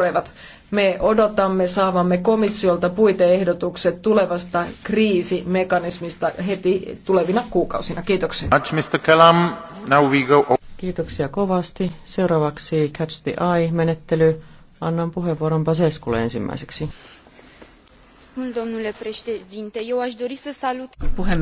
seuraavat. Me odotamme saavamme komissiolta puiteehdotukset tulevasta kriisimekanismista heti tulevina kuukausina. Kiitoksia. Kiitoksia kovasti. Seuraavaksi Catch the Eye-menettely. Annan puheenvuoron Baseskulle ensimmäiseksi. Puhemies.